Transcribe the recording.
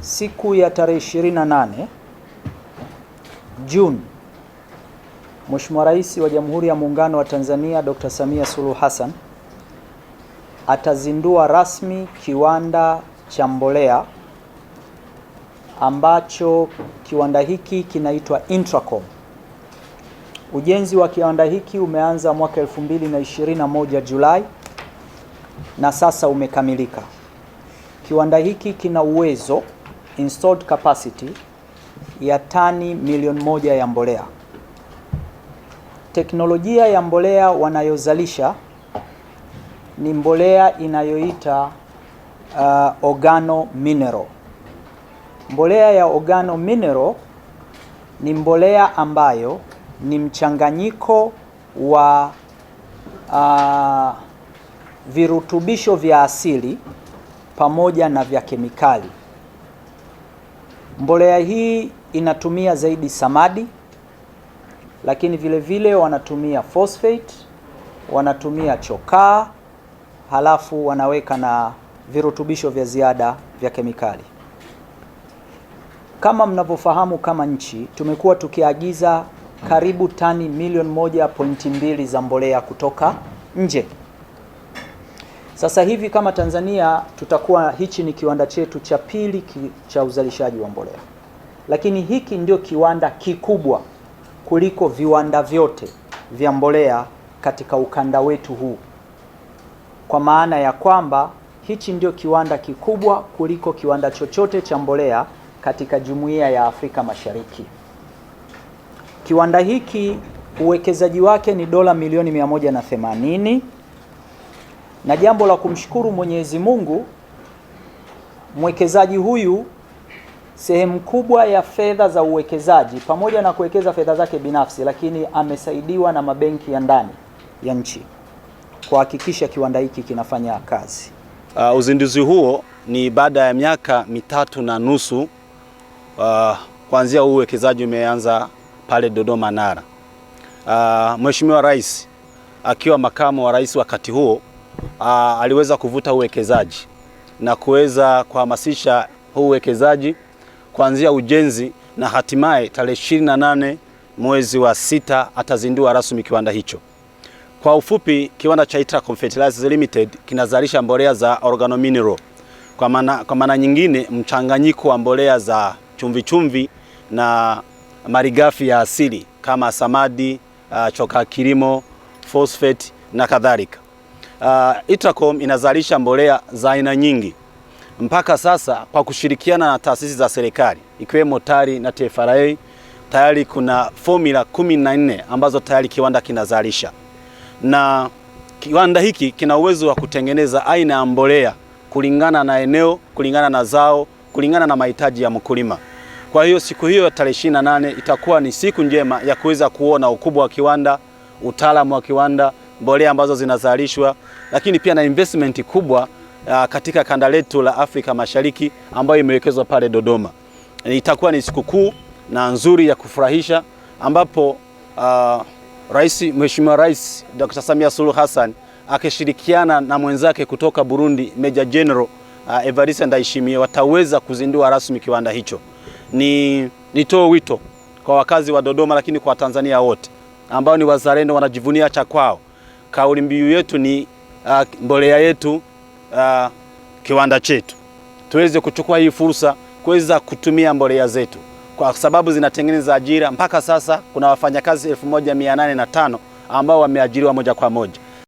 Siku ya tarehe 28 Juni, Mheshimiwa Rais wa Jamhuri ya Muungano wa Tanzania Dr. Samia Suluhu Hassan atazindua rasmi kiwanda cha mbolea ambacho kiwanda hiki kinaitwa Intracom. Ujenzi wa kiwanda hiki umeanza mwaka 2021 Julai na sasa umekamilika. Kiwanda hiki kina uwezo installed capacity ya tani milioni moja ya mbolea. Teknolojia ya mbolea wanayozalisha ni mbolea inayoita uh, organo mineral. Mbolea ya organo mineral ni mbolea ambayo ni mchanganyiko wa uh, virutubisho vya asili pamoja na vya kemikali Mbolea hii inatumia zaidi samadi, lakini vile vile wanatumia phosphate, wanatumia chokaa, halafu wanaweka na virutubisho vya ziada vya kemikali. Kama mnavyofahamu, kama nchi tumekuwa tukiagiza karibu tani milioni moja pointi mbili za mbolea kutoka nje. Sasa hivi kama Tanzania tutakuwa hichi ni kiwanda chetu cha pili ki, cha uzalishaji wa mbolea, lakini hiki ndio kiwanda kikubwa kuliko viwanda vyote vya mbolea katika ukanda wetu huu, kwa maana ya kwamba hichi ndio kiwanda kikubwa kuliko kiwanda chochote cha mbolea katika jumuiya ya Afrika Mashariki. Kiwanda hiki uwekezaji wake ni dola milioni 180 na jambo la kumshukuru Mwenyezi Mungu, mwekezaji huyu sehemu kubwa ya fedha za uwekezaji pamoja na kuwekeza fedha zake binafsi, lakini amesaidiwa na mabenki ya ndani ya nchi kuhakikisha kiwanda hiki kinafanya kazi. Uh, uzinduzi huo ni baada ya miaka mitatu na nusu uh, kuanzia huu uwekezaji umeanza pale Dodoma Nara. Uh, Mheshimiwa Rais akiwa makamu wa rais wakati huo Ah, aliweza kuvuta uwekezaji na kuweza kuhamasisha huu uwekezaji kuanzia ujenzi na hatimaye tarehe 28 mwezi wa sita atazindua rasmi kiwanda hicho. Kwa ufupi, kiwanda cha Itraco Fertilizers Limited kinazalisha mbolea za mineral, kwa maana kwa maana nyingine mchanganyiko wa mbolea za chumvichumvi na malighafi ya asili kama samadi, ah, choka kilimo, phosphate na kadhalika uh, Itracom inazalisha mbolea za aina nyingi mpaka sasa kwa kushirikiana na taasisi za serikali ikiwemo TARI na TFRA. Tayari kuna formula 14 ambazo tayari kiwanda kinazalisha, na kiwanda hiki kina uwezo wa kutengeneza aina ya mbolea kulingana na eneo, kulingana na zao, kulingana na mahitaji ya mkulima. Kwa hiyo siku hiyo ya tarehe 28 itakuwa ni siku njema ya kuweza kuona ukubwa wa kiwanda, utaalamu wa kiwanda mbolea ambazo zinazalishwa, lakini pia na investment kubwa uh, katika kanda letu la Afrika Mashariki ambayo imewekezwa pale Dodoma. E, itakuwa ni sikukuu na nzuri ya kufurahisha ambapo uh, Rais Mheshimiwa Rais Dr. Samia Suluhu Hassan akishirikiana na mwenzake kutoka Burundi Major General uh, Evariste Ndayishimiye wataweza kuzindua rasmi kiwanda hicho. Ni nitoe wito kwa wakazi wa Dodoma, lakini kwa Tanzania wote ambao ni wazalendo wanajivunia cha kwao kauli mbiu yetu ni uh, mbolea yetu uh, kiwanda chetu. Tuweze kuchukua hii fursa kuweza kutumia mbolea zetu kwa sababu zinatengeneza ajira. Mpaka sasa kuna wafanyakazi elfu ambao wameajiriwa moja kwa moja.